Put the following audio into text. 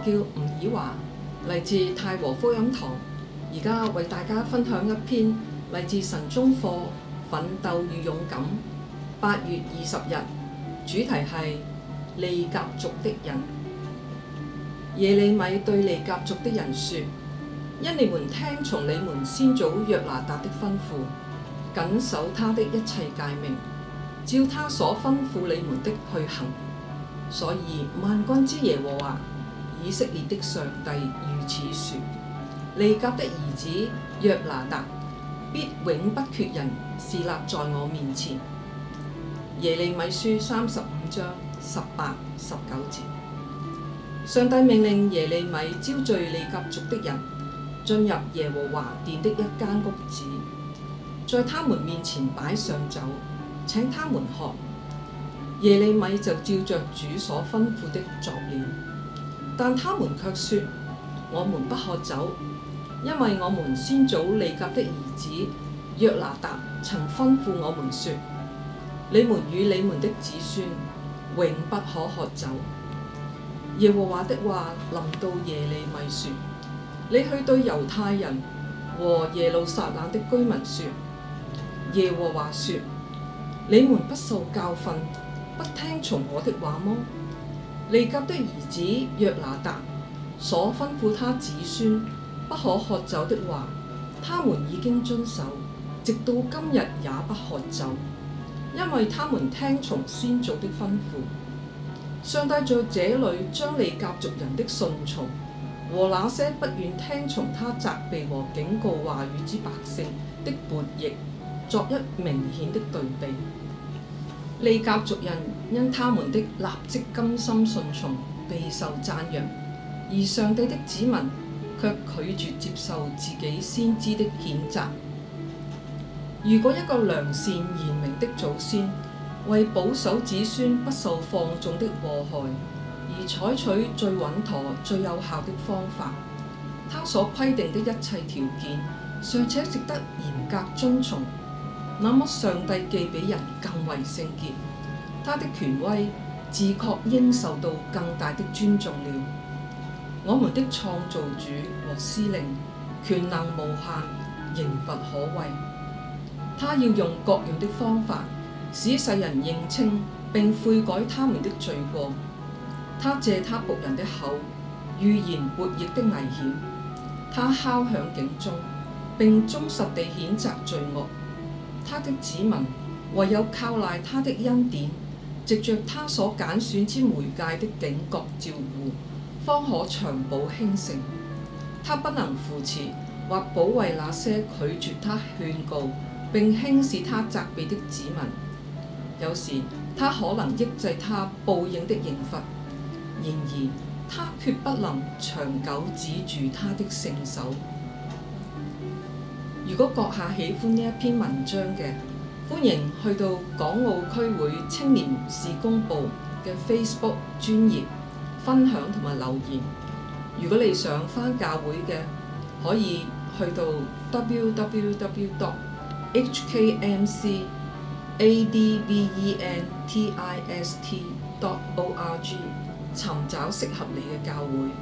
我叫吳以華，嚟自泰和福音堂，而家為大家分享一篇嚟自神宗課《奮鬥與勇敢》八月二十日，主題係利甲族的人。耶利米對利甲族的人說：因你們聽從你們先祖約拿達的吩咐，謹守他的一切誡命，照他所吩咐你們的去行，所以萬軍之耶和華。以色列的上帝如此説：利甲的兒子約拿達必永不缺人，是立在我面前。耶利米書三十五章十八、十九節，上帝命令耶利米招聚利甲族，族的人，進入耶和華殿的一間屋子，在他們面前擺上酒，請他們喝。耶利米就照着主所吩咐的作了。但他們卻說：我們不喝酒，因為我們先祖利甲的兒子約拿達曾吩咐我們說：你們與你們的子孫永不可喝酒。耶和華的話臨到耶利米說：你去對猶太人和耶路撒冷的居民說：耶和華說：你們不受教訓，不聽從我的話麼？利甲的兒子約拿達所吩咐他子孫不可喝酒的話，他們已經遵守，直到今日也不喝酒，因為他們聽從先祖的吩咐。上帝在這裏將利甲族人的信從和那些不願聽從他責備和警告話語之百姓的叛逆作一明顯的對比。利甲族人因他們的立即甘心順從備受讚揚，而上帝的子民却拒絕接受自己先知的譴責。如果一個良善賢明的祖先為保守子孫不受放縱的禍害而採取最穩妥、最有效的方法，他所規定的一切條件尚且值得嚴格遵從。那麼上帝既比人更為聖潔，他的權威自確應受到更大的尊重了。我們的創造主和司令，權能無限，刑罰可畏。他要用各樣的方法，使世人認清並悔改他們的罪過。他借他僕人的口，預言活業的危險。他敲響警鐘，並忠實地譴責罪惡。他的子民唯有靠賴他的恩典，藉着他所揀選之媒介的警覺照顧，方可長保興盛。他不能扶持或保衛那些拒絕他勸告並輕視他責備的子民。有時他可能抑制他報應的刑罰，然而他決不能長久止住他的聖手。如果閣下喜歡呢一篇文章嘅，歡迎去到港澳區會青年事工部嘅 Facebook 專頁分享同埋留言。如果你想返教會嘅，可以去到 www.hkmcadventist.org 尋找適合你嘅教會。